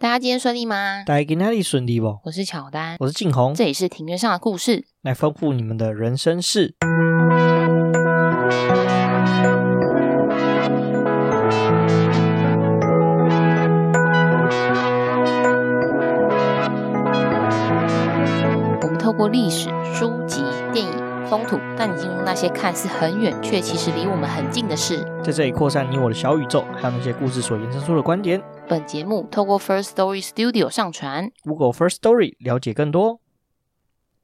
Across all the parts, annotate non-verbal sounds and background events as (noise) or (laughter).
大家今天順利嗎？大家今天順利不？我是巧丹，我是晉弘，這裡是庭院上的故事，來豐富你們的人生事。我們透過歷史、書籍、電影、風土，帶你進入那些看似很遠，卻其實離我們很近的事，在這裡擴散你我的小宇宙，還有那些故事所延伸出的觀點。本節目透過 First Story Studio 上傳。Google First Story 了解更多，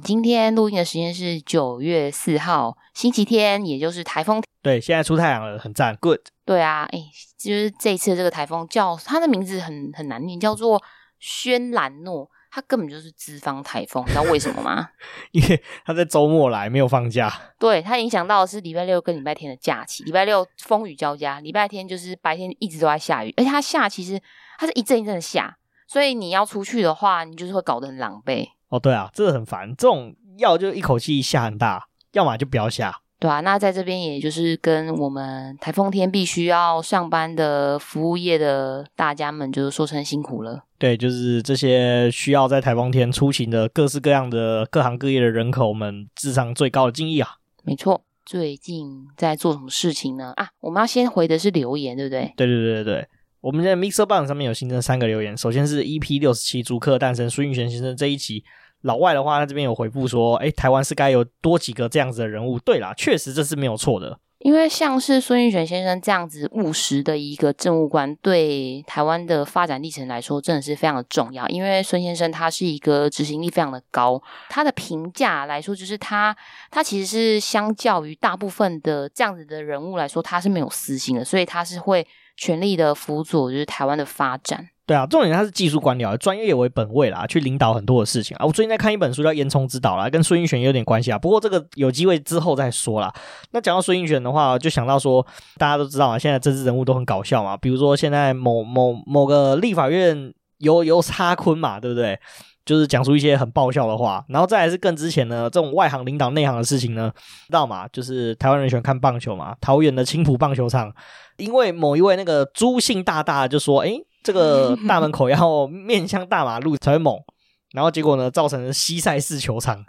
今天錄音的時間是九月四號，星期天，也就是台風。對，現在出太陽了，很讚，Good。對啊，哎、欸，就是這次這個台風叫它的名字很很難念，叫做軒嵐諾，它根本就是資方台風，你知道為什麼嗎？ (laughs) 因為它在周末來，沒有放假。對，它影響到的是禮拜六跟禮拜天的假期，禮拜六風雨交加，禮拜天就是白天一直都在下雨，而且它下其實。它是一陣一陣的下，所以你要出去的話，你就是會搞得很狼狽。哦，對啊，這個很煩。這種要就一口氣下很大，要麼就不要下，對啊，那在這邊，也就是跟我們颱風天必須要上班的服務業的大家們，就是說聲辛苦了。對，就是這些需要在颱風天出行的各式各樣的各行各業的人口們，致上最高的敬意啊。沒錯。最近在做什麼事情呢？啊，我們要先回的是留言，對不對？對對對對對。我們在 MixerBox 上面有新增三個留言。首先是 EP 六十七《租客誕生》，孫運璿先生這一集，老外的話，他這邊有回覆說：“哎，台灣是該有多幾個這樣子的人物。”對啦，確實這是沒有錯的。因為像是孫運璿先生這樣子務實的一個政務官，對台灣的發展歷程來說，真的是非常的重要。因為孫先生他是一個執行力非常的高，他的評價來說，就是他他其實是相較於大部分的這樣子的人物來說，他是沒有私心的，所以他是會。全力的輔佐就是台灣的發展，對啊，重點是他是技術官僚，專業為本位啦，去領導很多的事情啊。我最近在看一本書叫《煙囪之島》啦，跟孫運璿有點關係啊，不過這個有機會之後再說啦。那講到孫運璿的話，就想到說大家都知道啊，現在政治人物都很搞笑嘛，比如說現在某某某個立法院游游錫堃嘛，對不對？就是講出一些很爆笑的話，然後再來是更之前呢，這種外行領導內行的事情呢，知道嗎？就是台灣人喜歡看棒球嘛，桃園的青埔棒球場，因為某一位那個朱姓大大的就說，哎，這個大門口要面向大馬路才會猛，然後結果呢，造成了西曬式球場。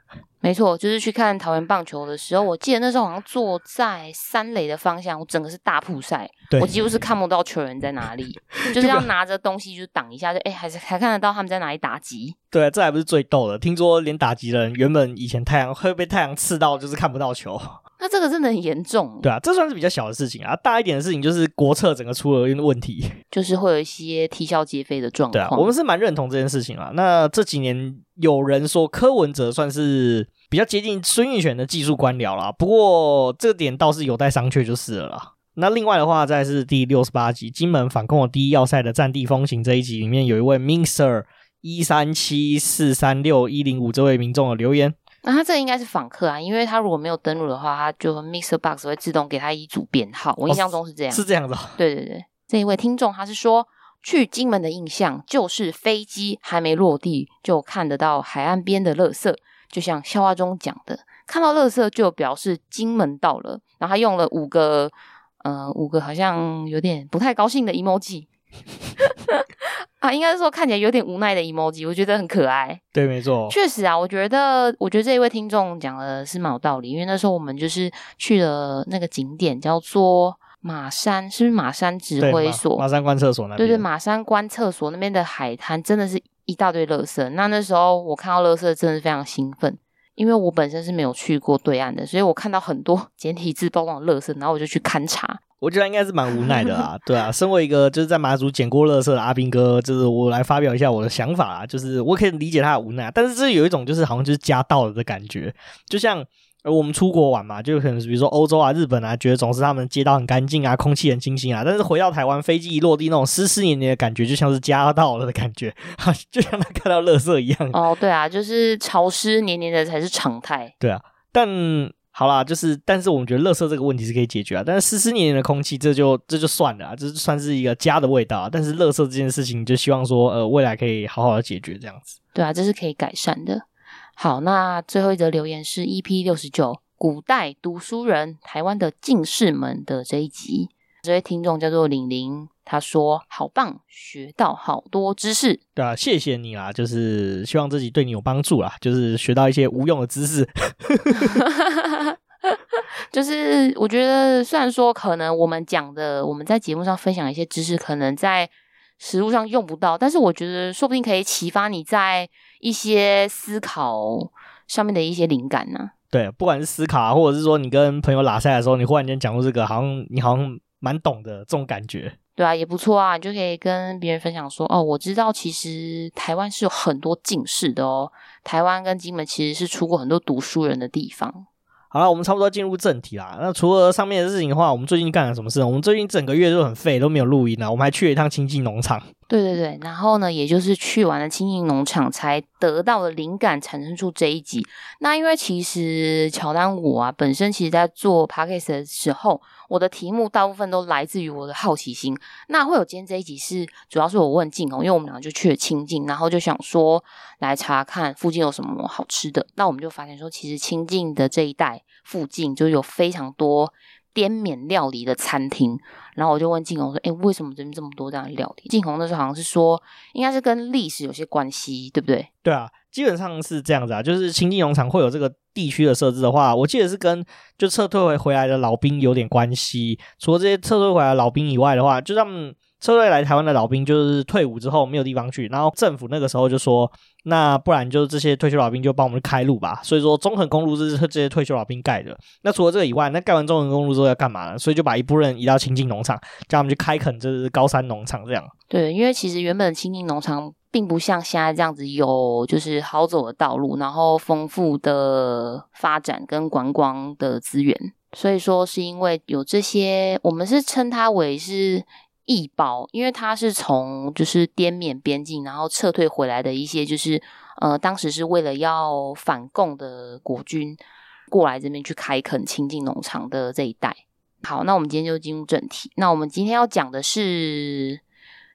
沒錯，就是去看桃園棒球的時候，我記得那時候好像坐在三壘的方向，我整個是大曝曬，我幾乎是看不到球員在哪裡， (laughs) 就是要拿着東西就擋一下，就哎、欸、還是還看得到他們在哪裡打擊。對啊，這還不是最逗的，聽說連打擊人原本以前太陽會被太陽刺到，就是看不到球。那這個真的很嚴重。對啊，這算是比較小的事情啊，大一點的事情就是國策整個出了問題，就是會有一些啼笑皆非的狀況。對啊，我們是蠻認同這件事情啊。那這幾年有人說柯文哲算是。比較接近孫運璿的技術官僚啦，不過這點倒是有待商榷就是了啦。那另外的話，再是第六十八集金門反共的第一要塞的戰地風情這一集裡面，有一位 Mixer 一三七四三六一零五這位民眾的留言。那他這應該是訪客啊，因為他如果沒有登錄的話，他就 MixerBox 會自動給他一組編號。我印象中是這樣，哦、是這樣的、哦。對對對，這一位聽眾他是說，去金門的印象就是飛機還沒落地就看得到海岸邊的垃圾。就像笑話中講的，看到垃圾就表示金門到了。然後他用了五個，呃，五個好像有點不太高興的 emoji， (laughs) 啊，應該是說看起來有點無奈的 emoji。我覺得很可愛。對，沒錯。確實啊，我覺得，我覺得這一位聽眾講的是蠻有道理。因為那時候我們就是去了那個景點，叫做馬山，是不是馬山指揮所？馬山觀測所呢？對對，馬,馬山觀測,、就是、廁所那邊的海灘真的是。一大堆垃圾，那那時候我看到垃圾真的是非常興奮，因為我本身是沒有去過對岸的，所以我看到很多簡體字包裝的垃圾，然後我就去勘察。我覺得應該是蠻無奈的啊， (laughs) 對啊，身為一個就是在馬祖撿過垃圾的阿兵哥，就是我來發表一下我的想法啊，就是我可以理解他的無奈，但是這有一種就是好像就是家到了的感覺，就像。而我們出國玩嘛，就可能比如說歐洲啊、日本啊，覺得總是他們街道很乾淨啊，空氣很清新啊。但是回到台灣，飛機一落地，那種濕濕黏黏的感覺，就像是家到了的感覺， (laughs) 就像他看到垃圾一樣。哦、oh，對啊，就是潮濕黏黏的才是常態。對啊，但好啦，就是但是我們覺得垃圾這個問題是可以解決啊。但是濕濕黏黏的空氣，這就這就算了啊，這算是一個家的味道啊。但是垃圾這件事情，就希望說，呃，未來可以好好的解決這樣子。對啊，這是可以改善的。好，那最後一則留言是 EP 六十九《古代讀書人：台灣的進士們》的這一集。這位聽眾叫做玲玲，他說：“好棒，學到好多知識。”對啊，謝謝你啦，就是希望自己對你有幫助啦，就是學到一些無用的知識。 (laughs) (laughs) 就是我覺得，雖然說可能我們講的，我們在節目上分享一些知識，可能在實務上用不到，但是我覺得說不定可以啟發你在一些思考上面的一些靈感呢、啊。對，不管是思考，或者是說你跟朋友拉賽的時候，你忽然間講出這個，好像你好像蠻懂的這種感覺。對啊，也不錯啊，你就可以跟別人分享說，哦，我知道，其實台灣是有很多進士的哦，台灣跟金門其實是出過很多讀書人的地方。好了，我們差不多進入正題啦。那除了上面的事情的話，我們最近幹了什麼事？我們最近整個月都很廢，都沒有錄音呢。我們還去了一趟清境農場。對對對，然後呢，也就是去完了清境農場，才得到了靈感，產生出這一集。那因為其實巧丹我啊，本身其實在做 podcast 的時候，我的題目大部分都來自於我的好奇心。那會有今天這一集是，主要是我問晉弘、哦、因為我們倆就去了清境，然後就想說來查看附近有什麼好吃的。那我們就發現說，其實清境的這一帶附近就有非常多，滇緬料理的餐廳，然後我就問晉弘說：“哎，為什麼這邊這麼多這樣的料理？”晉弘那時候好像是說，應該是跟歷史有些關係，對不對？對啊，基本上是這樣子啊。就是清境農場會有這個地區的設置的話，我記得是跟就撤退回回來的老兵有點關係。除了這些撤退回來的老兵以外的話，就像……車隊來台灣的老兵，就是退伍之後沒有地方去，然後政府那個時候就說，那不然就是這些退休老兵就幫我們開路吧。所以說，中橫公路是這些退休老兵蓋的。那除了這個以外，那蓋完中橫公路之後要幹嘛呢？所以就把一部分移到清境農場，叫他們去開墾，這是高山農場這樣。對，因為其實原本清境農場並不像現在這樣子有就是好走的道路，然後豐富的發展跟觀光的資源。所以說是因為有這些，我們是稱它為是。義胞，因為他是從就是滇緬邊境，然後撤退回來的一些，就是呃，當時是為了要反共的國軍過來這邊去開墾清境農場的這一帶。好，那我們今天就進入正題。那我們今天要講的是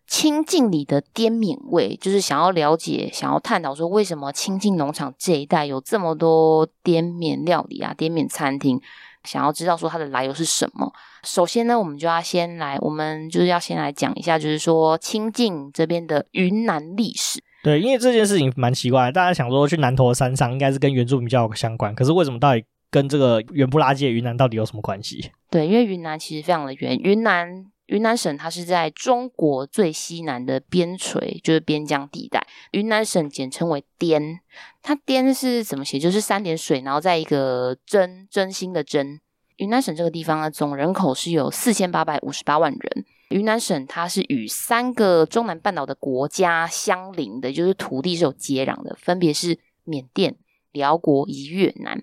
清境裡的滇緬味，就是想要了解、想要探討說，為什麼清境農場這一帶有這麼多滇緬料理啊、滇緬餐廳。想要知道說它的來由是什麼？首先呢，我們就要先來，我們就是要先來講一下，就是說清境這邊的雲南歷史。對，因為這件事情蠻奇怪，大家想說去南投的山上，應該是跟原住民比較有相關，可是為什麼到底跟這個遠不拉幾的雲南到底有什麼關係？對，因為雲南其實非常的遠，雲南。雲南省它是在中國最西南的邊陲，就是邊疆地帶。雲南省簡稱為滇，它滇是怎麼寫？就是三點水，然後再一個“真”真心的“真”。雲南省這個地方呢，總人口是有四千八百五十八萬人。雲南省它是與三個中南半島的國家相鄰的，就是土地是有接壤的，分別是緬甸、寮國、以及越南。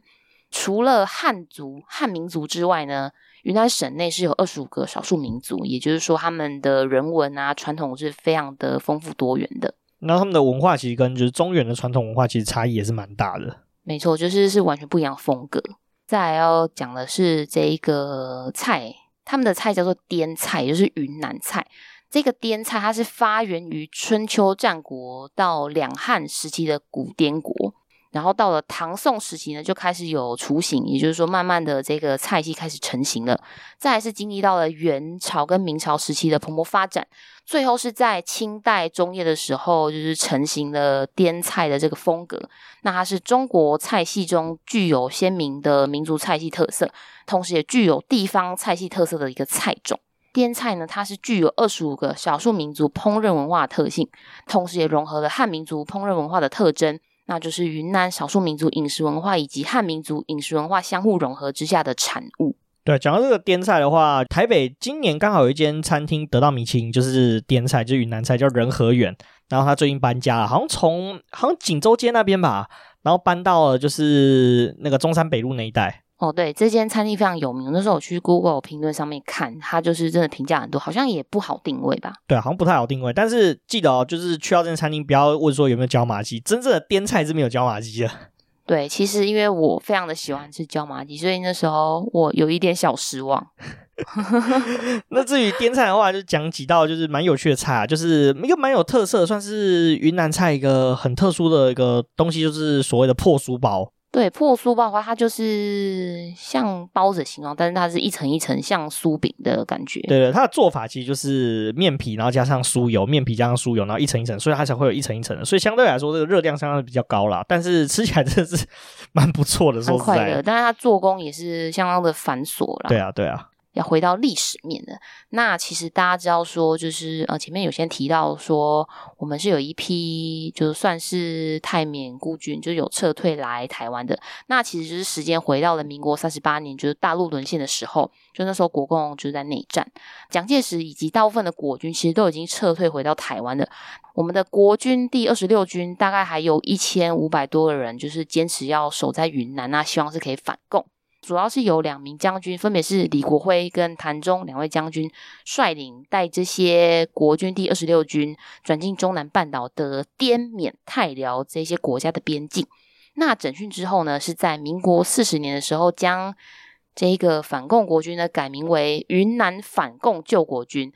除了漢族漢民族之外呢，雲南省內是有二十五個少數民族，也就是說他們的人文啊、傳統是非常的豐富多元的。那他們的文化其實跟就是中原的傳統文化其實差異也是蠻大的。沒錯，就是是完全不一樣風格。再來要講的是這一個菜，他們的菜叫做滇菜，也就是雲南菜。這個滇菜它是發源於春秋戰國到兩漢時期的古滇國。然後到了唐宋時期呢，就開始有雛形，也就是說，慢慢的這個菜系開始成型了。再來是經歷到了元朝跟明朝時期的蓬勃發展，最後是在清代中葉的時候，就是成型了滇菜的這個風格。那它是中國菜系中具有鮮明的民族菜系特色，同時也具有地方菜系特色的一個菜種。滇菜呢，它是具有二十五個少數民族烹飪文化的特性，同時也融合了漢民族烹飪文化的特徵。那就是雲南少數民族飲食文化以及漢民族飲食文化相互融合之下的產物。對，講到這個滇菜的話，台北今年剛好有一間餐廳得到米其林，就是滇菜，就是、雲南菜，叫人和園。然後他最近搬家了，好像從好像錦州街那邊吧，然後搬到了就是那個中山北路那一帶。哦，對，這間餐廳非常有名。那時候我去 Google 評論上面看，它就是真的評價很多，好像也不好定位吧？對，好像不太好定位。但是記得哦，就是去到這間餐廳，不要問說有沒有椒麻雞。真正的滇菜是沒有椒麻雞的。對，其實因為我非常的喜歡吃椒麻雞，所以那時候我有一點小失望。 (laughs) (laughs) 那至於滇菜的話，就講幾道就是蠻有趣的菜，啊，就是一個蠻有特色，算是雲南菜一個很特殊的一個東西，就是所謂的破酥包。對，破酥包的話，它就是像包子形狀，但是它是一層一層，像酥餅的感覺。對對，它的做法其實就是麵皮，然後加上酥油，麵皮加上酥油，然後一層一層，所以它才會有一層一層的。所以相對來說，這個熱量相當比較高啦。但是吃起來真的是蠻不錯的，快樂說實在，但是它做工也是相當的繁瑣啦，對啊，對啊。要回到歷史面的，那其實大家知道說，就是呃前面有先提到說，我們是有一批就算是泰緬孤軍，就有撤退來台灣的。那其實就是時間回到了民國三十八年，就是大陸淪陷的時候，就那時候國共就是在內戰，蔣介石以及大部分的國軍其實都已經撤退回到台灣的。我們的國軍第二十六軍大概還有一千五百多個人，就是堅持要守在雲南啊，希望是可以反共。主要是由兩名將軍，分別是李國輝跟譚忠兩位將軍率領帶這些國軍第二十六軍轉進中南半島的滇緬泰寮這些國家的邊境。那整訓之後呢，是在民國四十年的時候，將這個反共國軍呢改名為雲南反共救國軍，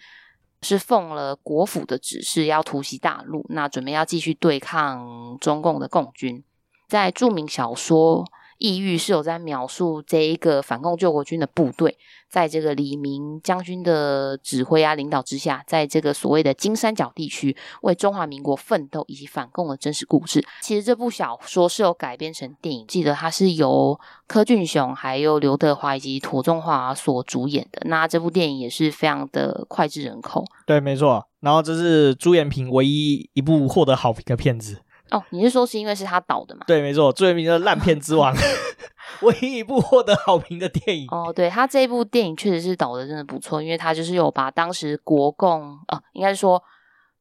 是奉了國府的指示要突襲大陸，那準備要繼續對抗中共的共軍。在著名小說，《異域》是有在描述這一個反共救國軍的部隊，在這個李明將軍的指揮啊、領導之下，在這個所謂的金三角地區為中華民國奮鬥以及反共的真實故事。其實這部小說是有改編成電影，記得它是由柯俊雄、還有劉德華以及庹宗華所主演的。那這部電影也是非常的膾炙人口。對，沒錯。然後這是朱延平唯一一部獲得好評的片子。哦，你是說是因為是他導的嗎？對，沒錯，著名的爛片之王，唯 (laughs) 一一部獲得好評的電影。哦，對，他這部電影確實是導的真的不錯，因為他就是有把當時國共啊、呃，應該說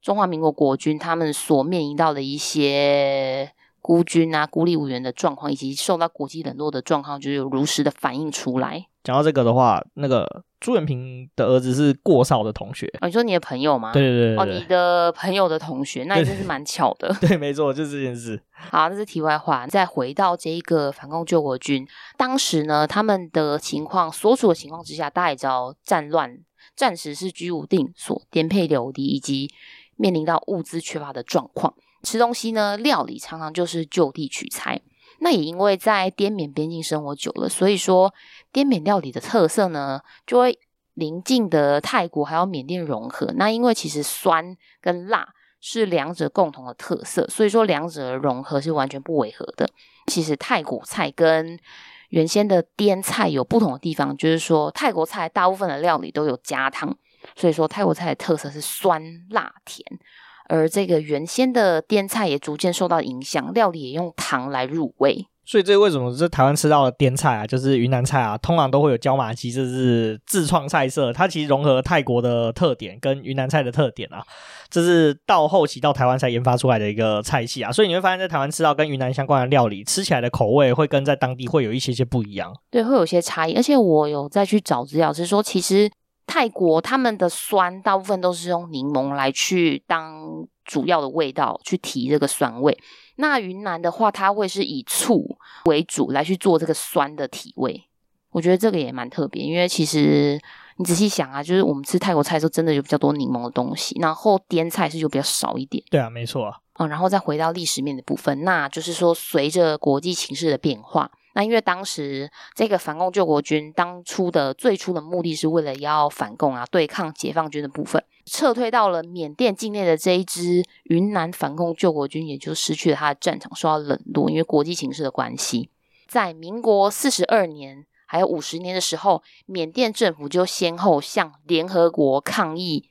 中華民國國軍他們所面臨到的一些孤軍啊、孤立無援的狀況，以及受到國際冷落的狀況，就是有如實的反映出來。講到這個的話，那個朱元平的兒子是過少的同學。哦，你說你的朋友嗎？對，對對對，哦，你的朋友的同學，那也真是蠻巧的。對。對，沒錯，就是這件事。好，那是題外話。再回到這一個反共救國軍，當時呢，他們的情況，所處的情況之下，大家也知道，戰亂暫時是居無定所，顛沛流離，以及面臨到物資缺乏的狀況，吃東西呢，料理常常就是就地取材。那也因為在滇緬邊境生活久了，所以說滇緬料理的特色呢，就會鄰近的泰國還有緬甸融合。那因為其實酸跟辣是兩者共同的特色，所以說兩者的融合是完全不違和的。其實泰國菜跟原先的滇菜有不同的地方，就是說泰國菜大部分的料理都有加湯，所以說泰國菜的特色是酸辣甜。而這個原先的滇菜也逐漸受到影響，料理也用糖來入味。所以，這為什麼在台灣吃到的滇菜啊，就是雲南菜啊，通常都會有椒麻雞，這是自創菜色。它其實融合了泰國的特點跟雲南菜的特點啊，這是到後期到台灣才研發出來的一個菜系啊。所以你會發現，在台灣吃到跟雲南相關的料理，吃起來的口味會跟在當地會有一些些不一樣。對，會有些差異。而且我有再去找資料，是說其實。泰國他們的酸大部分都是用檸檬來去當主要的味道去提這個酸味。那雲南的話，它會是以醋為主來去做這個酸的提味。我覺得這個也蠻特別，因為其實你仔細想啊，就是我們吃泰國菜的時候真的有比較多檸檬的東西，然後滇菜是就比較少一點。對啊，沒錯。啊、哦，然後再回到歷史面的部分，那就是說隨着國際情勢的變化。那因為當時這個反共救國軍當初的最初的目的是為了要反共啊，對抗解放軍的部分，撤退到了緬甸境內的這一支雲南反共救國軍，也就失去了他的戰場，受到冷落，因為國際情勢的關係。在民國四十二年還有五十年的時候，緬甸政府就先後向聯合國抗議，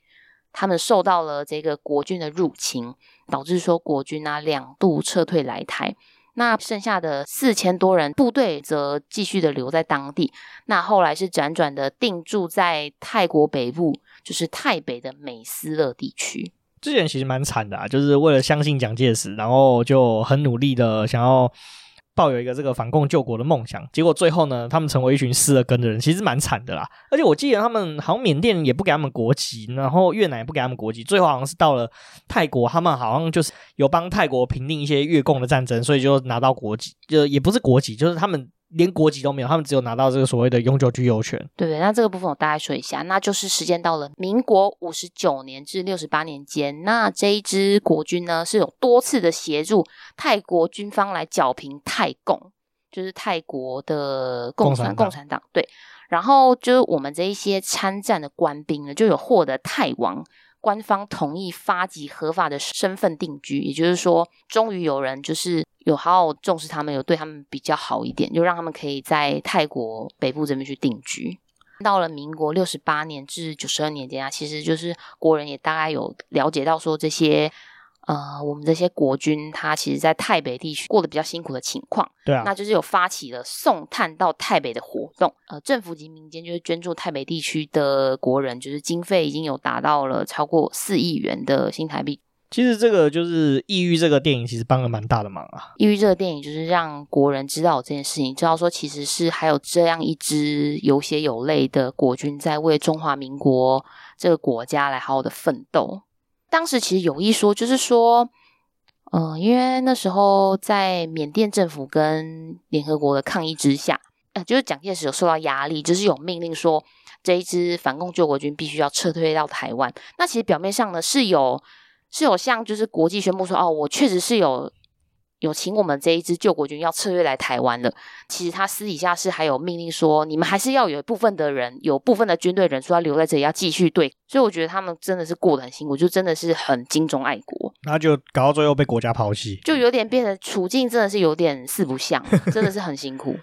他們受到了這個國軍的入侵，導致說國軍啊兩度撤退來台。那剩下的四千多人部隊則繼續的留在當地，那後來是輾轉的定住在泰國北部，就是泰北的美斯樂地區。之前其實蠻慘的啊，就是為了相信蔣介石，然後就很努力的想要。抱有一個這個反共救國的夢想，結果最後呢，他們成為一群失了根的人，其實蠻慘的啦。而且我記得他們好像緬甸也不給他們國籍，然後越南也不給他們國籍，最後好像是到了泰國，他們好像就是有幫泰國平定一些越共的戰爭，所以就拿到國籍，就也不是國籍，就是他們。連國籍都沒有，他們只有拿到這個所謂的永久居留權。對，對，那這個部分我大概說一下，那就是時間到了民國五十九年至六十八年間，那這一支國軍呢是有多次的協助泰國軍方來剿平泰共，就是泰國的共產共產黨。對，然後就是我們這一些參戰的官兵呢，就有獲得泰王官方同意發給合法的身份定居，也就是說，終於有人就是有好好重視他們，有對他們比較好一點，就讓他們可以在泰國北部這邊去定居。到了民國六十八年至九十二年間啊，其實就是國人也大概有了解到說這些。呃，我們這些國軍，他其實在泰北地區過得比較辛苦的情況，對啊，那就是有發起了送炭到泰北的活動，呃，政府及民間就是捐助泰北地區的國人，就是經費已經有達到了超過四億元的新台幣。其實這個就是《異域》這個電影，其實幫了蠻大的忙啊。《異域》這個電影就是讓國人知道這件事情，知道說其實是還有這樣一支有血有淚的國軍在為中華民國這個國家來好好的奮鬥。當時其實有一說，就是說，嗯、呃，因為那時候在緬甸政府跟聯合國的抗議之下，哎、呃，就是蔣介石有受到壓力，就是有命令說這一支反共救國軍必須要撤退到台灣。那其實表面上呢是有是有向就是國際宣布說，哦，我確實是有。有請我們這一支救國軍要撤退來台灣了。其實他私底下是還有命令說，你們還是要有部分的人，有部分的軍隊的人說要留在這裡，要繼續對。所以我覺得他們真的是過得很辛苦，就真的是很精忠愛國。那就搞到最後被國家拋棄，就有點變成處境，真的是有點四不像，真的是很辛苦。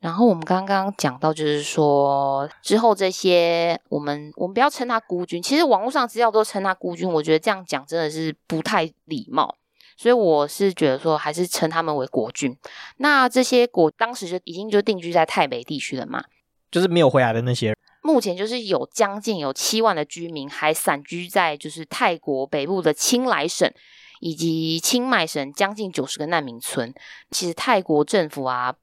然後我們剛剛講到，就是說之後這些，我們我們不要稱他孤軍。其實網絡上資料都稱他孤軍，我覺得這樣講真的是不太禮貌。所以我是覺得說，還是稱他們為國軍，那這些國當時就已經就定居在泰北地區了嘛？就是沒有回來的那些。目前就是有將近有七萬的居民還散居在就是泰國北部的清萊省以及清邁省，將近九十個難民村。其實泰國政府啊，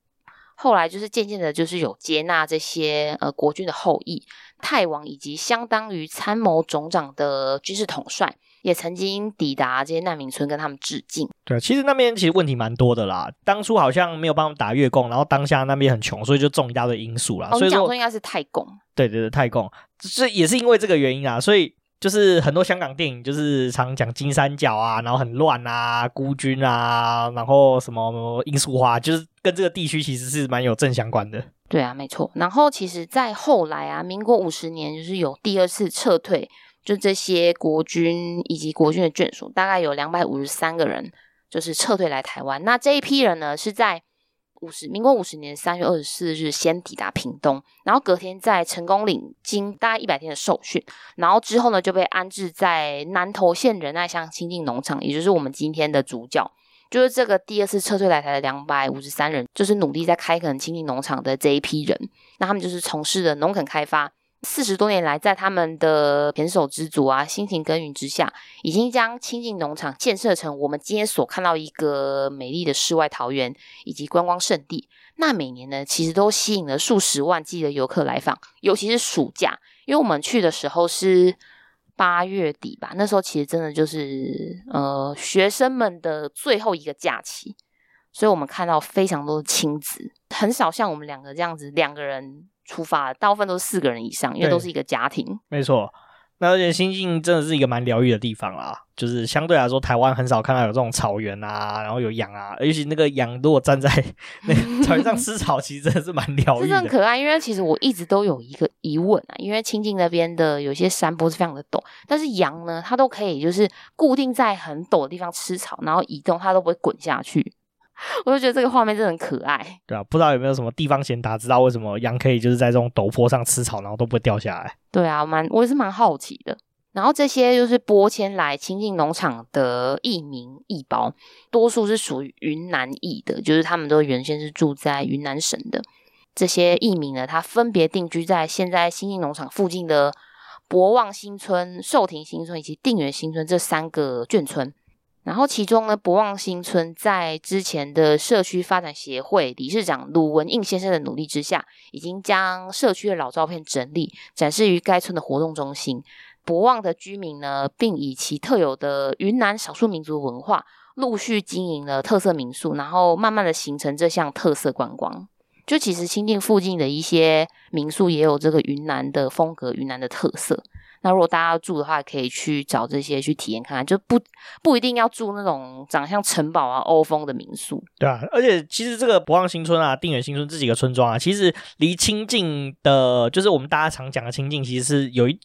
後來就是漸漸的，就是有接納這些呃國軍的後裔、泰王以及相當於參謀總長的軍事統帥，也曾經抵達這些難民村，跟他們致敬。對啊，其實那邊其實問題蠻多的啦。當初好像沒有幫他們打越共，然後當下那邊很窮，所以就種一大堆罌粟啦。我們講說應該是泰共。對對對，對，泰共這。也是因為這個原因啊，所以就是很多香港電影就是常講金三角啊，然後很亂啊，孤軍啊，然後什麼罌粟花，就是跟這個地區其實是蠻有正相關的。對啊，沒錯。然後其實在後來啊，民國五十年就是有第二次撤退。就這些國軍以及國軍的眷屬，大概有兩百五十三個人，就是撤退來台灣。那這一批人呢，是在五十民國五十年三月二十四日先抵達屏東，然後隔天在成功嶺經大概一百天的受訓，然後之後呢，就被安置在南投縣仁愛鄉清境農場，也就是我們今天的主角，就是這個第二次撤退來台的兩百五十三人，就是努力在開墾清境農場的這一批人。那他們就是從事的農墾開發。四十多年來，在他們的胼手胝足啊、辛勤耕耘之下，已經將清境農場建設成我們今天所看到一個美麗的世外桃源以及觀光勝地。那每年呢，其實都吸引了數十萬計的遊客來訪，尤其是暑假，因為我們去的時候是八月底吧，那時候其實真的就是呃學生們的最後一個假期，所以我們看到非常多的親子，很少像我們兩個這樣子兩個人。出發的，大部分都是四個人以上，因為都是一個家庭。沒錯，那而且清境真的是一個蠻療癒的地方啦，就是相對來說，台灣很少看到有這種草原啊，然後有羊啊，尤其那個羊如果站在那個草原上吃草， (laughs) 其實真的是蠻療癒， (laughs) 真的很可愛。因為其實我一直都有一個疑問啊，因為清境那邊的有些山坡是非常的陡，但是羊呢，它都可以就是固定在很陡的地方吃草，然後移動它都不會滾下去。我就覺得這個畫面真的很可愛，對啊，不知道有沒有什麼地方賢達知道為什麼羊可以就是在這種陡坡上吃草，然後都不會掉下來？對啊，蠻我，我也是蠻好奇的。然後這些就是搬遷來清境農場的移民義胞多數是屬於雲南裔的，就是他們都原先是住在雲南省的。這些移民呢，他分別定居在現在清境農場附近的博望新村、壽亭新村以及定遠新村這三個眷村。然後，其中呢，博望新村在之前的社區發展協會理事長盧文應先生的努力之下，已經將社區的老照片整理展示於該村的活動中心。博望的居民呢，並以其特有的雲南少數民族文化，陸續經營了特色民宿，然後慢慢的形成這項特色觀光。就其實，清境附近的一些民宿，也有這個雲南的風格，雲南的特色。那如果大家要住的話，可以去找這些去體驗看看，就不不一定要住那種長像城堡啊、歐風的民宿。對啊，而且其實這個博望新村啊、定遠新村這幾個村莊啊，其實離清境的，就是我們大家常講的清境，其實是有一。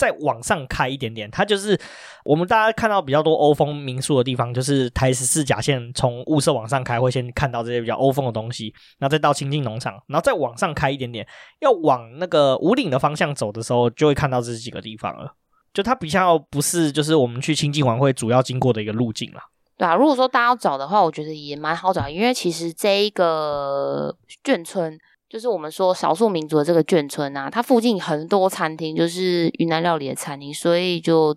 再往上開一點點，它就是我們大家看到比較多歐風民宿的地方，就是台十四甲線從霧社往上開，會先看到這些比較歐風的東西，那再到清境農場，然後再往上開一點點，要往那個武嶺的方向走的時候，就會看到這幾個地方了。就它比較不是就是我們去清境玩會主要經過的一個路徑了。對啊，如果說大家要找的話，我覺得也蠻好找的，因為其實這一個眷村。就是我們說少數民族的這個眷村啊，它附近很多餐廳，就是雲南料理的餐廳，所以就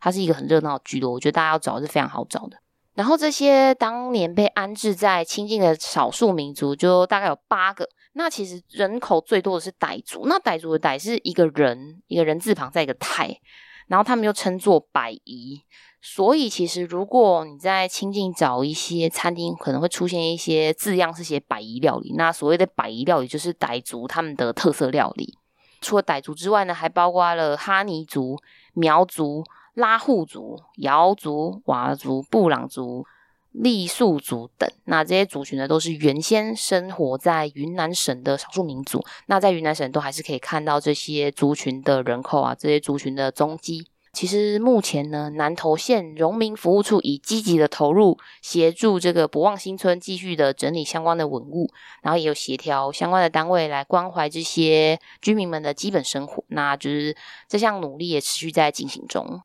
它是一個很熱鬧的聚落。我覺得大家要找的是非常好找的。然後這些當年被安置在清境的少數民族，就大概有八個。那其實人口最多的是傣族，那傣族的傣是一個人，一個人字旁再一個泰，然後他們又稱作擺夷。所以，其實如果你在清境找一些餐廳，可能會出現一些字樣是寫“百夷料理”。那所謂的“百夷料理”就是傣族他們的特色料理。除了傣族之外呢，還包括了哈尼族、苗族、拉祜族、瑤族、佤族,族,族、布朗族、傈僳族等。那這些族群呢，都是原先生活在雲南省的少數民族。那在雲南省都還是可以看到這些族群的人口啊，這些族群的蹤跡。其實目前呢，南投縣榮民服務處已積極的投入協助這個博望新村繼續的整理相關的文物，然後也有協調相關的單位來關懷這些居民們的基本生活，那就是這項努力也持續在進行中。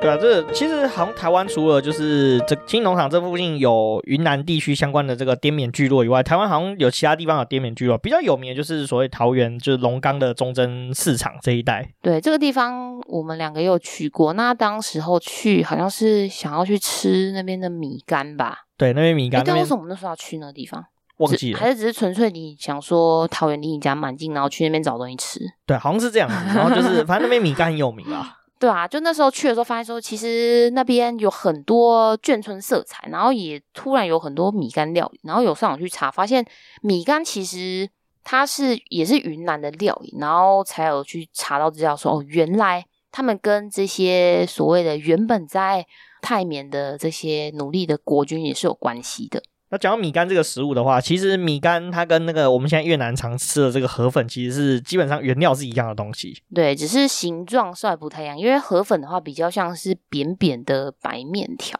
對啊，這個、其實好像台灣除了就是這清境農場這附近有雲南地區相關的這個滇緬聚落以外，台灣好像有其他地方有滇緬聚落。比較有名的就是所謂桃園，就是龍崗的忠貞市場這一帶。對，這個地方我們兩個也有去過。那當時候去好像是想要去吃那邊的米干吧？對，那邊米干。哎，對，為什麼我們那時候要去那個地方？忘記了，還是只是純粹你想說桃園離你家蠻近，然後去那邊找東西吃？對，好像是這樣。然後就是，反正那邊米干很有名啊。 (laughs) 對啊，就那時候去的時候，發現說其實那邊有很多眷村色彩，然後也突然有很多米干料理，然後有上網去查，發現米干其實它是也是雲南的料理，然後才有去查到資料說哦，原來他們跟這些所謂的原本在泰緬的這些努力的國軍也是有關係的。那講到米干這個食物的話，其實米干它跟那個我們現在越南常吃的這個河粉，其實是基本上原料是一樣的東西。對，只是形狀稍微不太一樣，因為河粉的話比較像是扁扁的白麵條，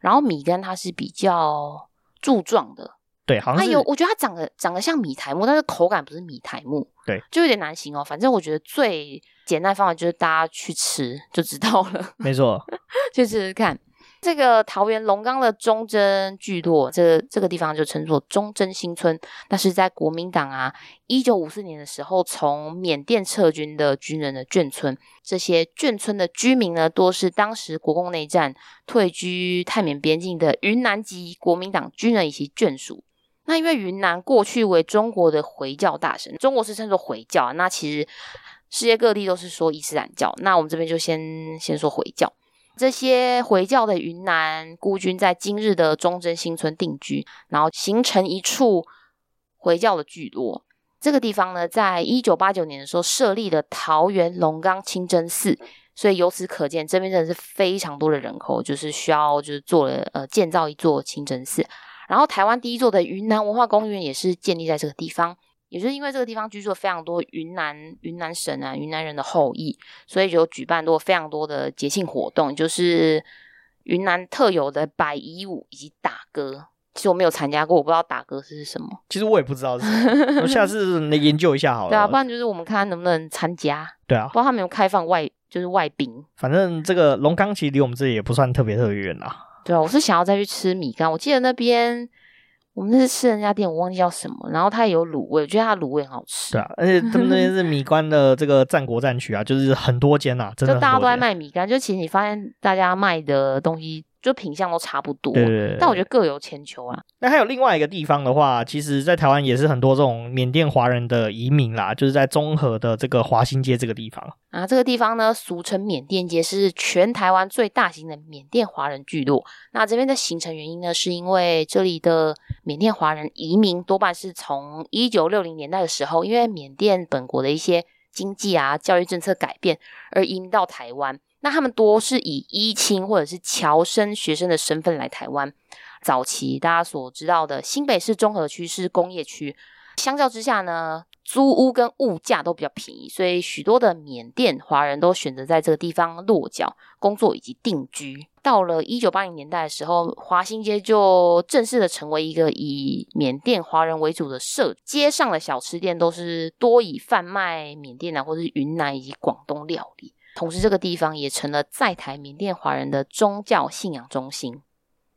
然後米干它是比較柱狀的。對，好像它有，我覺得它長得長得像米苔目，但是口感不是米苔目，對，就有點難形容哦。反正我覺得最簡單方法就是大家去吃就知道了。沒錯， (laughs) 去試試看。這個桃園龍崗的忠貞聚落，這個、這個地方就稱作忠貞新村。那是在國民黨啊，一九五四年的時候從緬甸撤軍的軍人的眷村。這些眷村的居民呢，多是當時國共內戰退居泰緬邊境的雲南籍國民黨軍人以及眷屬。那因為雲南過去為中國的回教大省，中國是稱作回教啊。那其實世界各地都是說伊斯蘭教。那我們這邊就先先說回教。這些回教的雲南孤軍在今日的忠貞新村定居，然後形成一處回教的聚落。這個地方呢，在一九八九年的時候設立了桃園龍岡清真寺，所以由此可見，這邊真的是非常多的人口，就是需要就是做了呃建造一座清真寺。然後，台灣第一座的雲南文化公園也是建立在這個地方。也就是因為這個地方居住了非常多雲南雲南省啊雲南人的後裔，所以就舉辦了多非常多的節慶活動，就是雲南特有的擺夷舞以及打歌。其實我沒有參加過，我不知道打歌是什麼。其實我也不知道是， (laughs) 我下次你研究一下好了。 (laughs) 對啊，不然就是我們看看能不能參加。對啊，不知道他們有沒有開放外，就是外賓。反正這個龍岡其實離我們這裡也不算特別特別遠啊。對啊，我是想要再去吃米干。我記得那邊。我們那次吃人家店，我忘記叫什麼，然後它也有滷味，我覺得它滷味很好吃。對啊，而且他們那邊是米干的這個戰國戰區啊， (laughs) 就是很多間吶、啊，就大家都在賣米干。就其實你發現大家賣的東西。就品相都差不多對對對對，但我覺得各有千秋啊。那還有另外一個地方的話，其實，在台灣也是很多這種緬甸華人的移民啦，就是在中和的這個華新街這個地方啊。這個地方呢，俗稱緬甸街，是全台灣最大型的緬甸華人聚落。那這邊的形成原因呢，是因為這裡的緬甸華人移民多半是從一九六零年代的時候，因為緬甸本國的一些經濟啊、教育政策改變而移民到台灣。那他們多是以依親或者是僑生學生的身份來台灣。早期大家所知道的新北市中和區是工業區，相較之下呢，租屋跟物價都比較便宜，所以許多的緬甸華人都選擇在這個地方落腳、工作以及定居。到了一九八零年代的時候，華新街就正式的成為一個以緬甸華人為主的社，街上的小吃店都是多以販賣緬甸奶、啊、或是雲南以及廣東料理。同時，這個地方也成了在台緬甸華人的宗教信仰中心。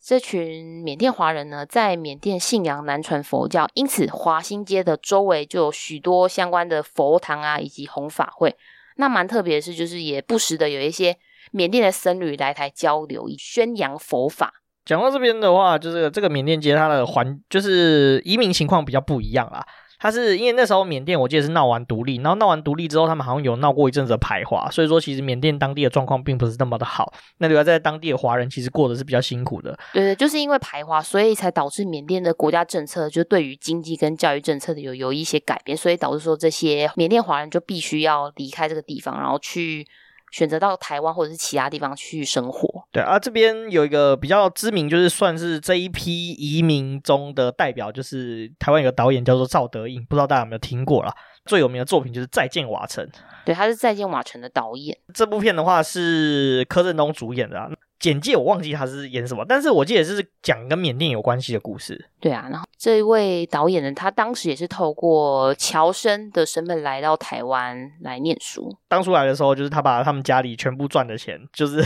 這群緬甸華人呢，在緬甸信仰南傳佛教，因此華新街的周圍就有許多相關的佛堂啊，以及弘法會。那蠻特別的是，就是也不時的有一些緬甸的僧侶來台交流，以宣揚佛法。講到這邊的話，就是這個緬甸街它的環，就是移民情況比較不一樣啊。但是因為那時候緬甸我記得是鬧完獨立，然後鬧完獨立之後，他們好像有鬧過一陣子的排華，所以說其實緬甸當地的狀況並不是那麼的好。那留在當地的華人其實過的是比較辛苦的。對對，就是因為排華，所以才導致緬甸的國家政策就對於經濟跟教育政策的有有一些改變，所以導致說這些緬甸華人就必須要離開這個地方，然後去。選擇到台灣或者是其他地方去生活。對啊，這邊有一個比較知名，就是算是這一批移民中的代表，就是台灣有個導演叫做趙德胤，不知道大家有沒有聽過啦？最有名的作品就是《再見瓦城》。對，他是《再見瓦城》的導演。這部片的話是柯震東主演的啊。簡介我忘記他是演什麼，但是我記得是講跟緬甸有關係的故事。對啊，然後這一位導演呢，他當時也是透過僑生的身份來到台灣來念書。當初來的時候，就是他把他們家裡全部賺的錢，就是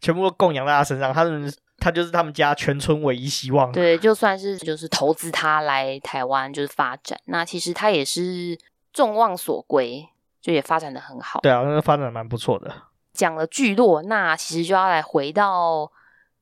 全部都供養在他身上。他們，他就是他們家全村唯一希望。對，就算是就是投資他來台灣就是發展。那其實他也是眾望所歸，就也發展的很好。對啊，那個發展的蠻不錯的。講了聚落，那其實就要來回到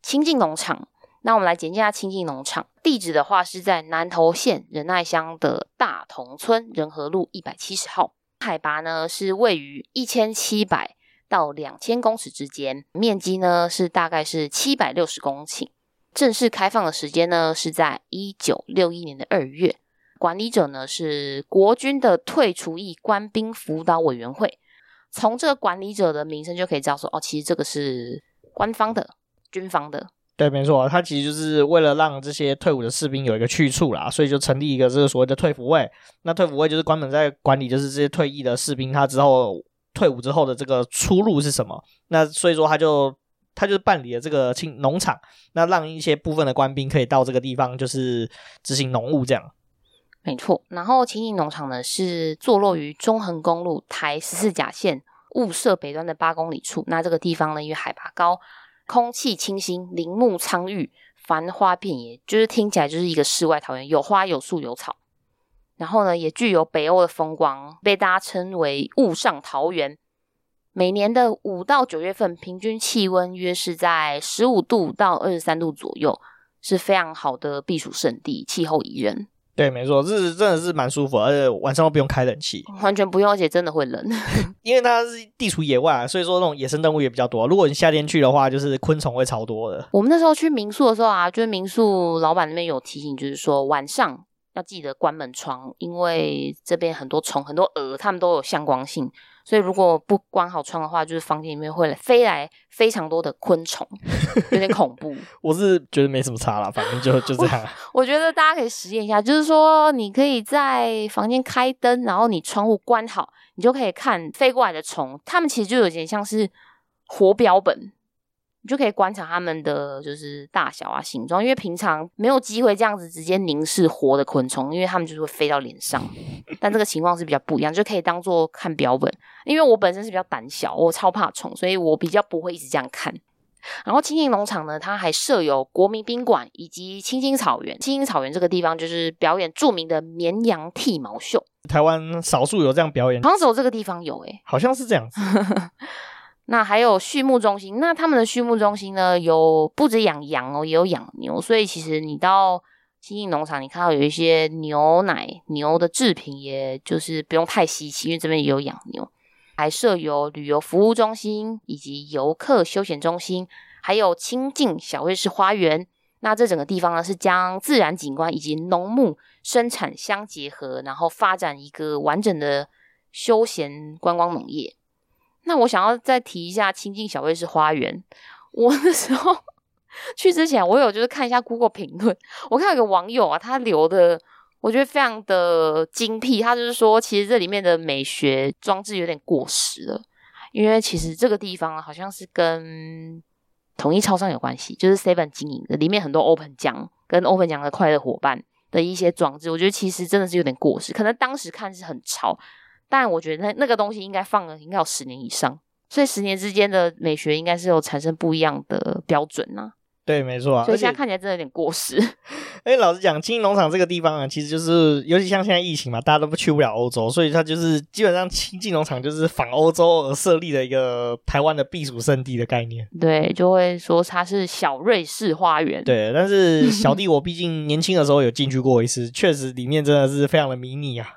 清境農場。那我們來簡介下清境農場。地址的話是在南投縣仁愛鄉的大同村仁和路一百七十號。海拔呢是位於一千七百到兩千公尺之間，面積呢是大概是七百六十公頃。正式開放的時間呢是在一九六一年的二月。管理者呢是國軍的退除役官兵輔導委員會。從這個管理者的名稱就可以知道說，說哦，其實這個是官方的，軍方的。對，沒錯，他其實就是為了讓這些退伍的士兵有一個去處啦，所以就成立一個這個所謂的退輔會。那退輔會就是專門在管理，就是這些退役的士兵，他之後退伍之後的這個出路是什麼？那所以說他就他就辦理了這個清境農場，那讓一些部分的官兵可以到這個地方就是執行農務這樣。沒錯，然後清境農場呢是坐落於中橫公路台十四甲線霧社北端的八公里處。那這個地方呢，因為海拔高，空氣清新，林木蒼鬱，繁花遍野，就是聽起來就是一個世外桃源，有花有樹有草。然後呢，也具有北歐的風光，被大家稱為霧上桃源。每年的五到九月份，平均氣溫約是在十五度到二十三度左右，是非常好的避暑勝地，氣候宜人。對，沒錯，日子真的是蠻舒服，而且晚上都不用開冷氣，完全不用，而且真的會冷， (laughs) 因為它是地處野外，所以說那種野生動物也比較多。如果你夏天去的話，就是昆蟲會超多的。我們那時候去民宿的時候啊，就是民宿老闆那邊有提醒，就是說晚上要記得關門窗，因為這邊很多蟲、很多蛾，它們都有向光性。所以如果不關好窗的話，就是房間裡面會飛來非常多的昆蟲，有點恐怖。 (laughs) 我是覺得沒什麼差啦，反正就就這樣。我，我覺得大家可以實驗一下，就是說你可以在房間開燈，然後你窗戶關好，你就可以看飛過來的蟲，它們其實就有點像是活標本。你就可以觀察它們的，就是大小啊、形狀，因為平常沒有機會這樣子直接凝視活的昆蟲，因為它們就是會飛到臉上。但這個情況是比較不一樣，就可以當做看標本。因為我本身是比較膽小，我超怕蟲，所以我比較不會一直這樣看。然後清境農場呢，它還設有國民賓館以及青青草原。青青草原這個地方就是表演著名的綿羊剃毛秀，台灣少數有這樣表演。旁手這個地方有誒、欸、好像是這樣子。 (laughs) 那還有畜牧中心，那他們的畜牧中心呢，有不止養羊哦，也有養牛，所以其實你到清境農場，你看到有一些牛奶牛的制品，也就是不用太稀奇，因為這邊也有養牛，還設有旅遊服務中心以及遊客休閒中心，還有清境小瑞士花園。那這整個地方呢，是將自然景觀以及農牧生產相結合，然後發展一個完整的休閒觀光農業。那我想要再提一下“清境小瑞士花園”。我那時候去之前，我有就是看一下 Google 評論。我看有個網友啊，他留的我覺得非常的精闢。他就是說，其實這裡面的美學裝置有點過時了，因為其實這個地方好像是跟統一超商有關係，就是 Seven 經營的，裡面很多 Open 將跟 Open 將的快樂夥伴的一些裝置，我覺得其實真的是有點過時，可能當時看是很潮。但我覺得那那個東西應該放了，應該有十年以上，所以十年之間的美學應該是有產生不一樣的標準呢、啊。對，沒錯、啊。所以現在看起來真的有點過時。誒老實講，清境農場這個地方啊，其實就是，尤其像現在疫情嘛，大家都不去不了歐洲，所以它就是基本上清境農場就是仿歐洲而設立的一個台灣的避暑勝地的概念。對，就會說它是小瑞士花園。對，但是小弟我畢竟年輕的時候有進去過一次，確 (laughs) 實裡面真的是非常的迷你啊。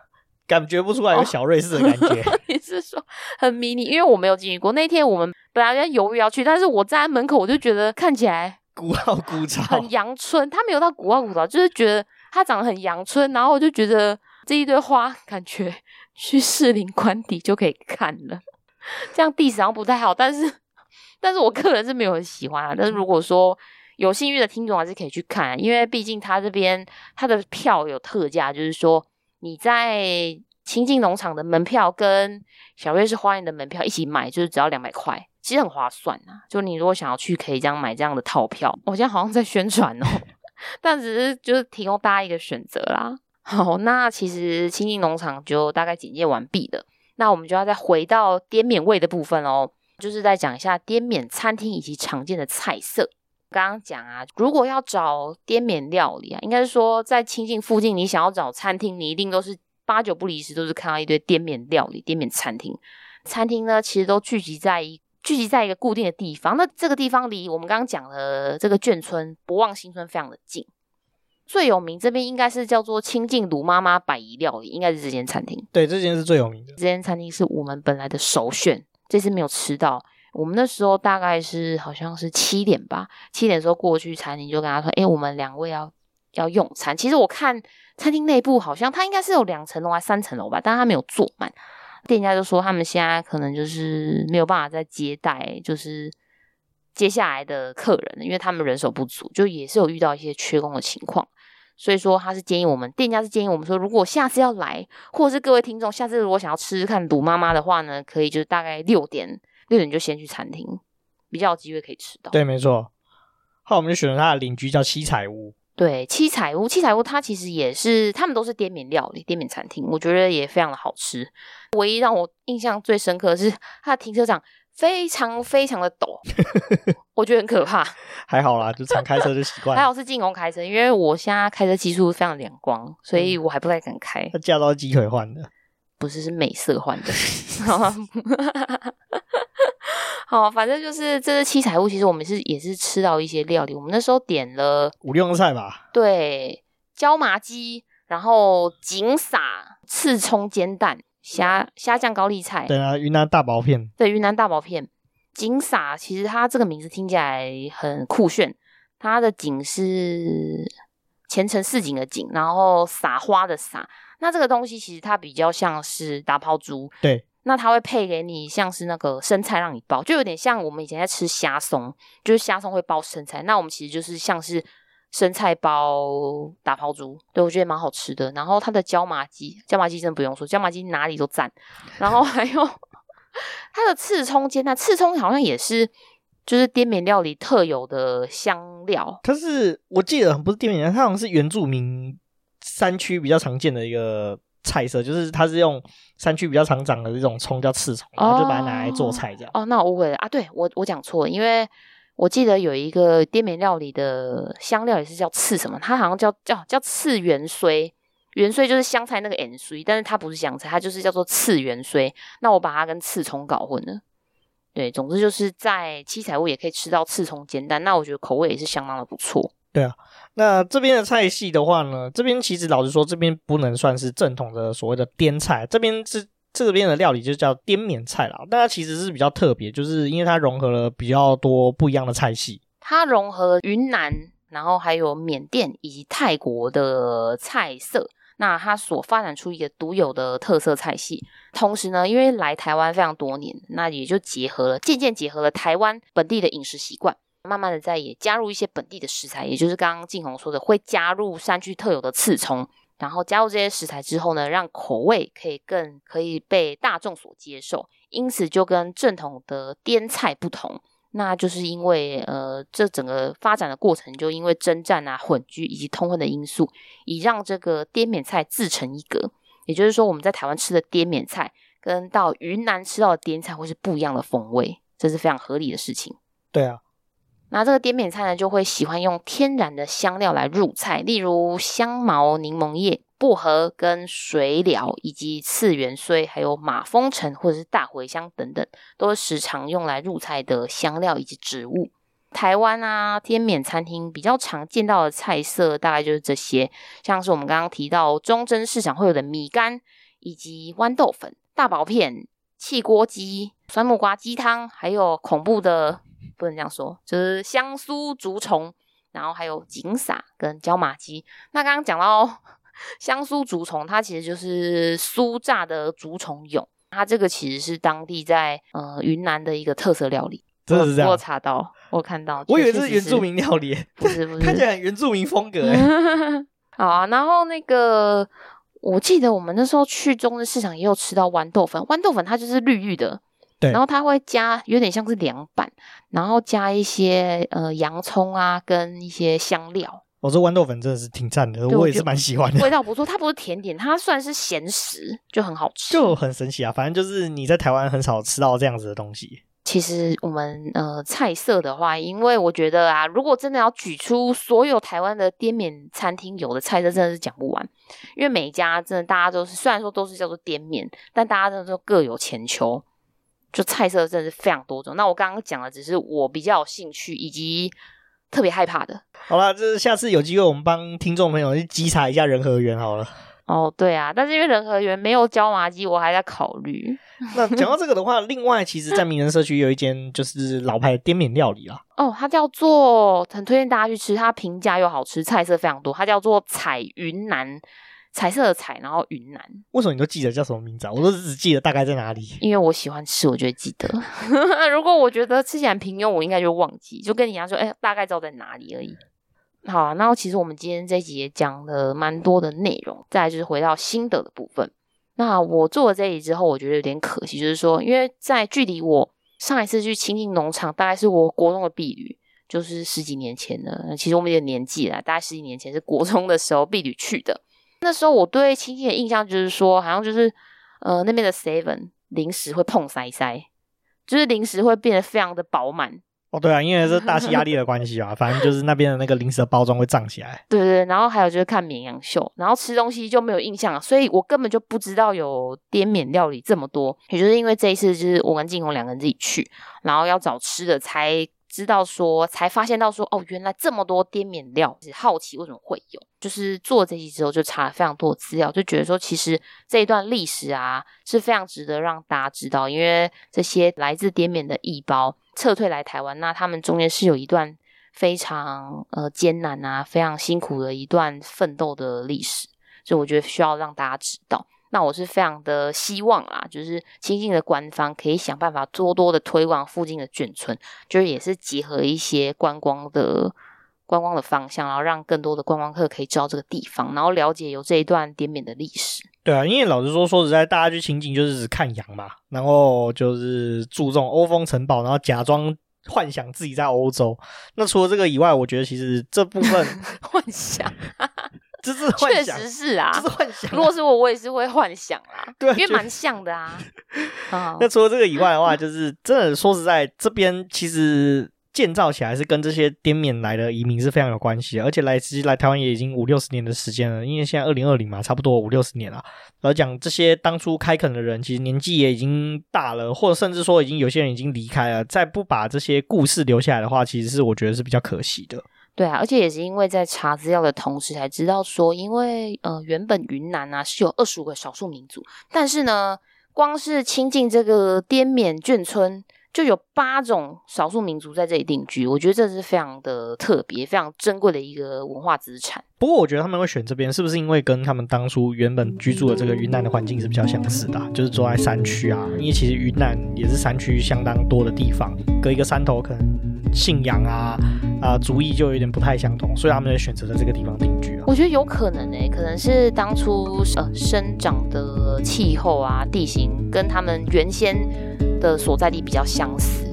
感覺不出來有小瑞士的感覺，哦、呵呵你是說很迷你？因為我沒有進去過。那天我們本來就猶豫要去，但是我站在門口，我就覺得看起來古老古早，很陽春古古。它沒有到古老古早，就是覺得它長得很陽春。然後我就覺得這一堆花，感覺去士林官邸就可以看了。這樣地上不太好，但是，但是我個人是沒有很喜歡啊。但是如果說有幸運的聽眾，還是可以去看，因為畢竟他這邊他的票有特價，就是說。你在清境農場的門票跟小瑞士花園的門票一起買，就是只要兩百塊，其實很划算吶、啊。就你如果想要去，可以這樣買這樣的套票。我現在好像在宣傳哦， (laughs) 但只是就是提供大家一個選擇啦。好，那其實清境農場就大概簡介完畢了，那我們就要再回到滇緬味的部分哦，就是再講一下滇緬餐廳以及常見的菜色。剛剛講啊，如果要找滇緬料理啊，應該是說在清境附近，你想要找餐廳，你一定都是八九不離十，都是看到一堆滇緬料理、滇緬餐廳。餐廳呢，其實都聚集在一聚集在一個固定的地方。那這個地方離我們剛剛講的這個眷村、博望新村非常的近。最有名這邊應該是叫做清境魯媽媽擺夷料理，應該是這間餐廳。對，這間是最有名的。這間餐廳是我們本來的首選，這次沒有吃到。我們那時候大概是好像是七點吧，七點的時候過去餐廳，就跟他說：“哎、欸，我們兩位要要用餐。”其實我看餐廳內部好像他應該是有兩層樓還是三層樓吧，但他沒有坐滿。店家就說他們現在可能就是沒有辦法再接待，就是接下來的客人，因為他們人手不足，就也是有遇到一些缺工的情況。所以說他是建議我們，店家是建議我們說，如果下次要來，或者是各位聽眾下次如果想要吃吃看魯媽媽的話呢，可以就是大概六點。六點就先去餐廳，比較有機會可以吃到。對，沒錯。後來我們就選了它的鄰居，叫七彩屋。對，七彩屋，七彩屋它其實也是，他們都是滇緬料理、滇緬餐廳，我覺得也非常的好吃。唯一讓我印象最深刻的是它的停車場非常非常的陡， (laughs) 我覺得很可怕。還好啦，就常開車就習慣了。 (laughs) 還好是晉弘開車，因為我現在開車技術非常兩光，所以我還不太敢開。嗯、他駕照機會換的？不是，是美色換的，好嗎？哦，反正就是這是七彩物，其實我們是也是吃到一些料理。我們那時候點了五六樣菜吧。對，椒麻雞，然後錦撒、刺蔥煎蛋，蝦蝦醬高麗菜。對啊，雲南大薄片。對，雲南大薄片。錦撒其實它這個名字聽起來很酷炫，它的錦是前程似錦的錦，然後撒花的撒。那這個東西其實它比較像是打拋豬。對。那它會配給你，像是那個生菜讓你包，就有點像我們以前在吃蝦鬆，就是蝦鬆會包生菜。那我們其實就是像是生菜包打拋豬，對我覺得蠻好吃的。然後它的椒麻雞，椒麻雞真的不用說，椒麻雞哪裡都讚。 (laughs) 然後還有它的刺蔥煎蛋，刺蔥好像也是就是滇緬料理特有的香料。它是我記得不是滇緬料，它好像是原住民山區比較常見的一個。菜色就是它是用山區比較常長,長的這種蔥叫刺蔥，oh, 然後就把它拿來做菜這樣。哦、oh, oh, no,，那我會啊！對我我講錯，了，因為我記得有一個滇緬料理的香料也是叫刺什麼，它好像叫叫叫刺芫荽。芫荽就是香菜那個荽，但是它不是香菜，它就是叫做刺芫荽。那我把它跟刺蔥搞混了。對，總之就是在七彩屋也可以吃到刺蔥，煎蛋。那我覺得口味也是相當的不錯。對啊。那這邊的菜系的話呢，這邊其實老實說，這邊不能算是正統的所謂的滇菜，這邊是，這邊的料理就叫滇緬菜啦。但它其實是比較特別，就是因為它融合了比較多不一樣的菜系，它融合雲南，然後還有緬甸以及泰國的菜色，那它所發展出一個獨有的特色菜系。同時呢，因為來台灣非常多年，那也就結合了，漸漸結合了台灣本地的飲食習慣。慢慢的在野，在也加入一些本地的食材，也就是剛剛晉弘說的，會加入山區特有的刺蔥，然後加入這些食材之後呢，讓口味可以更可以被大眾所接受。因此，就跟正統的滇菜不同，那就是因為呃，這整個發展的過程就因為征戰啊、混居以及通婚的因素，以讓這個滇緬菜自成一格。也就是說，我們在台灣吃的滇緬菜，跟到雲南吃到的滇菜會是不一樣的風味，這是非常合理的事情。對啊。那這個滇緬菜呢，就會喜歡用天然的香料來入菜，例如香茅、檸檬葉、薄荷跟水療，以及刺芫荽，還有馬蜂橙或者是大茴香等等，都是時常用來入菜的香料以及植物。台灣啊，滇緬餐廳比較常見到的菜色大概就是這些，像是我們剛剛提到忠貞市場會有的米干，以及豌豆粉、大薄片、汽鍋雞、酸木瓜雞湯，還有恐怖的。不能這樣說，就是香酥竹蟲，然後還有景撒跟椒麻雞。那剛剛講到香酥竹蟲，它其實就是酥炸的竹蟲蛹，它這個其實是當地在呃雲南的一個特色料理。嗯、這是這樣，我查到，我看到，我以為這是原住民料理，不是， (laughs) 看起來原住民風格。 (laughs) 好啊，然後那個我記得我們那時候去忠貞市場也有吃到豌豆粉，豌豆粉它就是綠綠的。然後它會加有點像是涼拌，然後加一些呃洋蔥啊，跟一些香料。我說豌豆粉真的是挺讚的，我也是蠻喜歡的，味道不錯。 (laughs) 它不是甜點，它算是鹹食，就很好吃，就很神奇啊！反正就是你在台灣很少吃到這樣子的東西。其實我們呃菜色的話，因為我覺得啊，如果真的要舉出所有台灣的滇緬餐廳有的菜色，這真的是講不完，因為每一家真的大家都是雖然說都是叫做滇緬，但大家真的都各有千秋。就菜色真的是非常多種，那我剛剛講的只是我比較有興趣以及特別害怕的。好啦，就是下次有機會我們幫聽眾朋友去稽查一下仁和園好了。哦，對啊，但是因為仁和園沒有椒麻雞，我還在考慮。那講到這個的話， (laughs) 另外其實，在名人社區有一間就是老牌的滇緬料理啦。哦，它叫做，很推薦大家去吃，它平價又好吃，菜色非常多，它叫做彩雲南。彩色的彩，然後雲南。為什麼你都記得叫什麼名字？啊？我都只記得大概在哪裡。因為我喜歡吃，我就會記得。 (laughs) 如果我覺得吃起來很平庸，我應該就忘記。就跟你一樣說，哎、欸，大概知道在哪裡而已。好，那其實我們今天這一集也講了蠻多的內容。再來就是回到心得的部分。那我做了這一集之後，我覺得有點可惜，就是說，因為在距離我上一次去清境農場，大概是我國中的畢旅，就是十幾年前呢其實我們也年紀了啦，大概十幾年前是國中的時候畢旅去的。那時候我對清境的印象就是說，好像就是，呃，那邊的 seven 零食會碰塞塞，就是零食會變得非常的飽滿。哦，對啊，因為是大氣壓力的關係啊， (laughs) 反正就是那邊的那個零食的包裝會脹起來。對，對對，然後還有就是看綿羊秀，然後吃東西就沒有印象，所以我根本就不知道有滇緬料理這麼多，也就是因為這一次就是我跟晉弘兩個人自己去，然後要找吃的才。知道說，才發現到說，哦，原來這麼多滇緬料，好奇為什麼會有？就是做這期之後就查了非常多資料，就覺得說其實這一段歷史啊是非常值得讓大家知道，因為這些來自滇緬的義胞撤退來台灣，那他們中間是有一段非常呃艱難啊、非常辛苦的一段奮鬥的歷史，所以我覺得需要讓大家知道。那我是非常的希望啦、啊，就是清境的官方可以想辦法多多的推廣附近的眷村，就是也是結合一些觀光的觀光的方向，然後讓更多的觀光客可以知道這個地方，然後了解有這一段滇緬的歷史。對啊，因為老實說，說實在，大家去清境就是只看羊嘛，然後就是注重歐風城堡，然後假裝幻想自己在歐洲。那除了這個以外，我覺得其實這部分 (laughs) 幻想。 (laughs) 確實是啊，就是幻想、啊。如果是我，我也是會幻想啦。對、啊，因為蠻像的啊 (laughs) 好好。那除了這個以外的話，就是真的、嗯、說實在，這邊其實建造起來是跟這些滇緬來的移民是非常有關係。而且來其實來台灣也已經五六十年的時間了，因為現在二零二零嘛，差不多五六十年了。然後講這些當初開墾的人，其實年紀也已經大了，或者甚至說已經有些人已經離開了。再不把這些故事留下來的話，其實是我覺得是比較可惜的。對啊，而且也是因為在查資料的同時才知道說，因為呃原本雲南啊是有二十五個少數民族，但是呢，光是清境這個滇緬眷村就有八種少數民族在這裡定居，我覺得這是非常的特別、非常珍貴的一個文化資產。不過我覺得他們會選這邊，是不是因為跟他們當初原本居住的這個雲南的環境是比較相似的啊？就是住在山區啊，因為其實雲南也是山區相當多的地方，隔一個山頭可能，信仰啊啊，呃、主義就有點不太相同，所以他們就選擇在這個地方定居。我覺得有可能誒、欸，可能是當初呃生長的氣候啊、地形跟他們原先的所在地比較相似。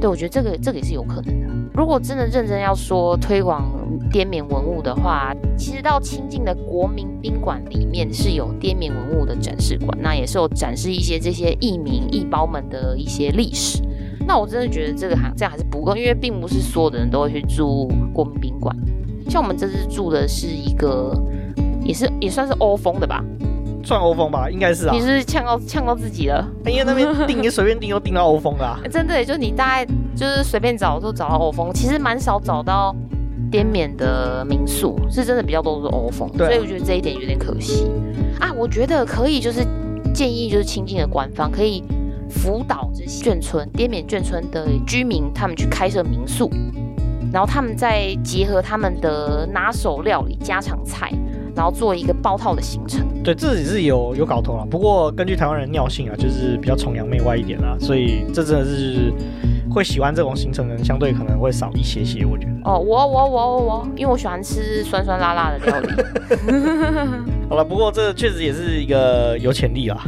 對，我覺得這個這個也是有可能的。如果真的認真要說推廣滇緬文物的話，其實到清境的國民賓館裡面是有滇緬文物的展示館，那也是有展示一些這些義民義胞們的一些歷史。那我真的覺得這個行，這樣還是不夠，因為並不是所有的人都會去住國民賓館，像我們這次住的是一個，也是也算是歐風的吧，算歐風吧，應該是啊。你是嗆到嗆到自己了？因為那邊訂也隨便訂都訂到歐風啊 (laughs) 真的，就是你大概就是隨便找都找到歐風，其實蠻少找到滇緬的民宿，是真的比較多都是歐風，所以我覺得這一點有點可惜啊。我覺得可以，就是建議就是清境的官方可以。輔導這些眷村、滇緬眷村的居民，他們去開設民宿，然後他們再結合他們的拿手料理、家常菜，然後做一個包套的行程。對，這也是有有搞頭啊。不過根據台灣人尿性啊，就是比較崇洋媚外一點啦、啊，所以這真的是，是會喜歡這種行程的人，相對可能會少一些些。我覺得。哦，我我我我，我，因為我喜歡吃酸酸辣辣的料理。 (laughs) (laughs) 好了，不過這確實也是一個有潛力啊。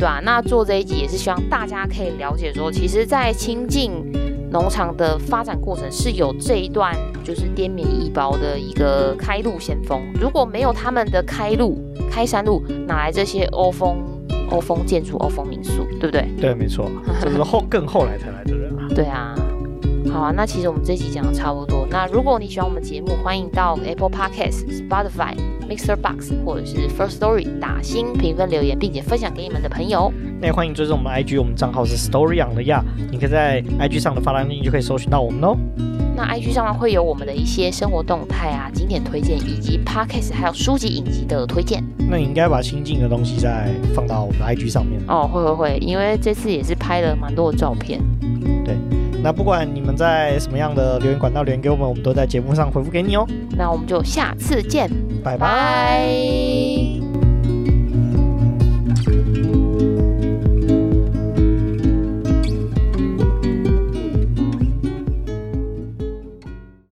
對啊，那做這一集也是希望大家可以了解說，說其實，在清境農場的發展過程是有這一段，就是滇緬義胞的一個開路先鋒。如果沒有他們的開路、開山路，哪來這些歐風、歐風建築、歐風民宿，對不對？對，沒錯，就是後 (laughs) 更後來才來的人啊。對啊，好啊，那其實我們這一集講的差不多。那如果你喜歡我們節目，歡迎到 Apple Podcast、Spotify。Mixer Box 或者是 First Story 打星評分留言，並且分享給你們的朋友。那也歡迎追蹤我們 IG，我們賬號是 Story on the yard。你可以在 IG 上的發欄頁就可以搜尋到我們哦。那 IG 上呢？會有我們的一些生活動態啊、景點推薦，以及 Podcast 還有書籍影集的推薦。那你應該把新進的東西再放到我們的 IG 上面哦。會會會，因為這次也是拍了蠻多的照片。對。那不管你們在什麼樣的留言管道留言給我們，我們都在節目上回復給你哦。那我們就下次見，拜拜。